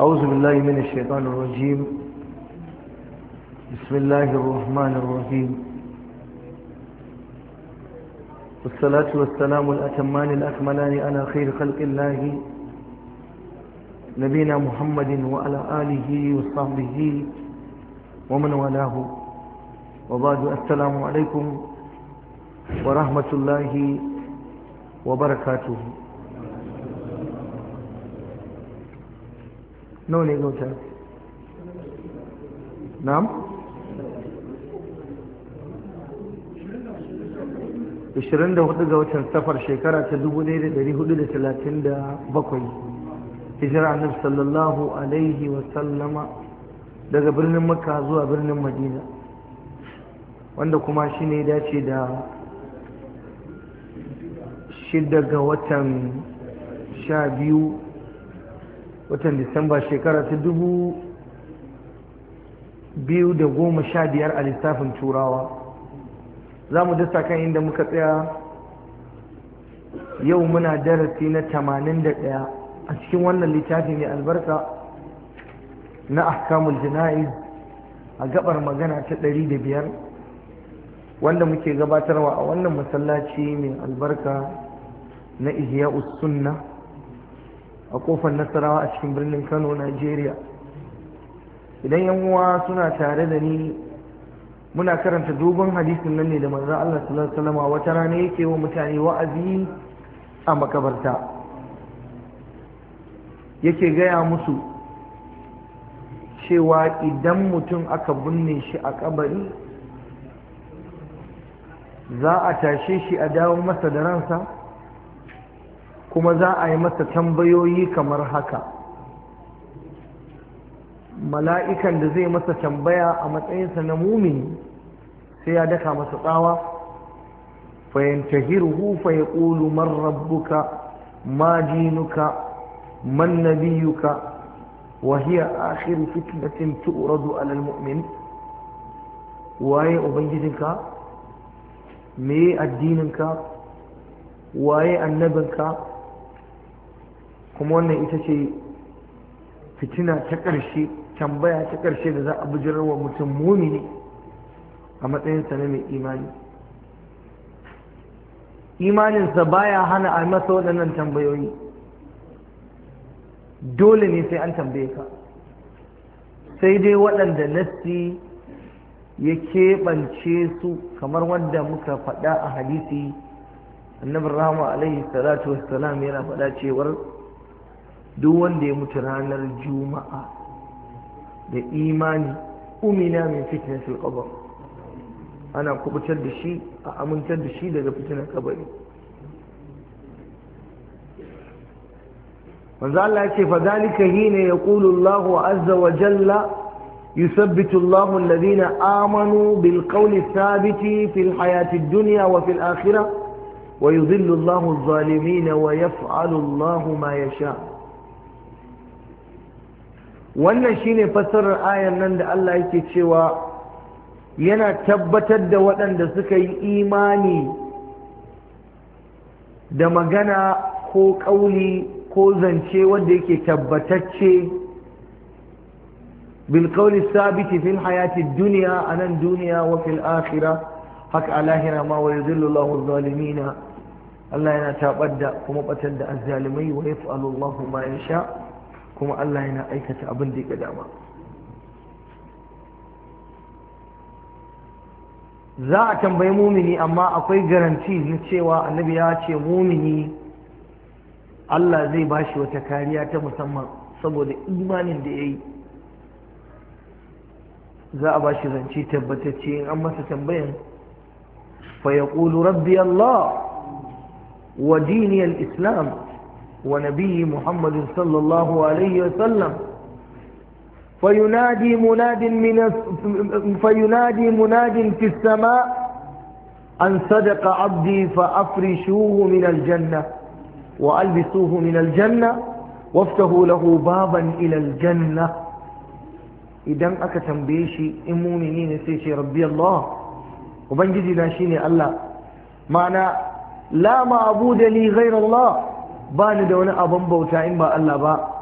أعوذ بالله من الشيطان الرجيم بسم الله الرحمن الرحيم والصلاة والسلام الأتمان الأكملان أنا خير خلق الله نبينا محمد وعلى آله وصحبه ومن والاه وبعد السلام عليكم ورحمة الله وبركاته nawa ne gauta na'am 24 ga watan safar shekara ta 1437 hijira annabi sallallahu alaihi wasallama daga birnin makka zuwa birnin madina wanda kuma shi ne dace da shidda ga watan sha biyu watan disamba shekara ta dubu biyu da goma sha biyar a lissafin turawa za mu dasa kan inda muka tsaya yau muna darasi na tamanin da ɗaya a cikin wannan littafi mai albarka na ahkamul jana'iz a gabar magana ta ɗari da biyar wanda muke gabatarwa a wannan masallaci mai albarka na ihya'us sunna a kofar nasarawa a cikin birnin kano nigeria idan yan uwa suna tare da ni muna karanta dogon hadisin nan ne da maza Allah sallallahu alaihi wata rana yake wa mutane wa'azi a makabarta yake gaya musu cewa idan mutum aka binne shi a kabari za a tashe shi a dawo masa da ransa kuma za a yi masa tambayoyi kamar haka mala'ikan da zai masa tambaya a matsayinsa na mumini sai ya daka masa tsawa fayantahiruhu fa ya ƙulu man rabbuka ma jinuka man nabiyuka wa hiya akhiru fitnatin tu'radu ala almu'min waye ubangijinka me addininka waye annabinka kuma wannan ita ce fitina ta ƙarshe tambaya ta ƙarshe da za a bujirar wa mutum mumini a matsayinsa na mai imani imaninsa baya hana a masa waɗannan tambayoyi dole ne sai an tambaye ka sai dai waɗanda nassi ya keɓance su kamar wanda muka faɗa a hadisi annabin rahama alaihi salatu salam yana faɗa cewar duk wanda ya mutu ranar juma'a da imani umina min fitnatul qabr ana kubutar da shi a amintar da shi daga fitinar kabari manzo Allah ya ce fa zalika hina yaqulu Allah azza wa jalla يثبت الله الذين آمنوا بالقول الثابت في الحياة الدنيا وفي الآخرة ويضل الله الظالمين ويفعل الله ما يشاء wannan shine fassarar ayan nan da Allah yake cewa yana tabbatar da waɗanda suka yi imani da magana ko ƙauli ko zance wanda yake tabbatacce bilƙauli sabiti fil hayati duniya a nan duniya wa fil akhira haka a lahira ma wa yuzillullahu zalimina Allah yana taɓar da kuma ɓatar da azzalimai wa yaf'alullahu ma yasha kuma Allah yana aikata abin da ya dama za a tambayi mumini amma akwai garanti na cewa annabi ya ce mumini Allah zai ba shi wata kariya ta musamman saboda imanin da ya yi za a ba zance tabbatacce in an masa tambayan fa ya rabbi Allah wa diniyar islam ونبي محمد صلى الله عليه وسلم فينادي مناد من فينادي مناد في السماء أن صدق عبدي فأفرشوه من الجنة وألبسوه من الجنة وافتحوا له بابا إلى الجنة إذا أكا تنبيشي إموني سيشي ربي الله وبنجدنا ناشيني الله معنى لا معبود لي غير الله ba ni da wani abin bauta in ba Allah ba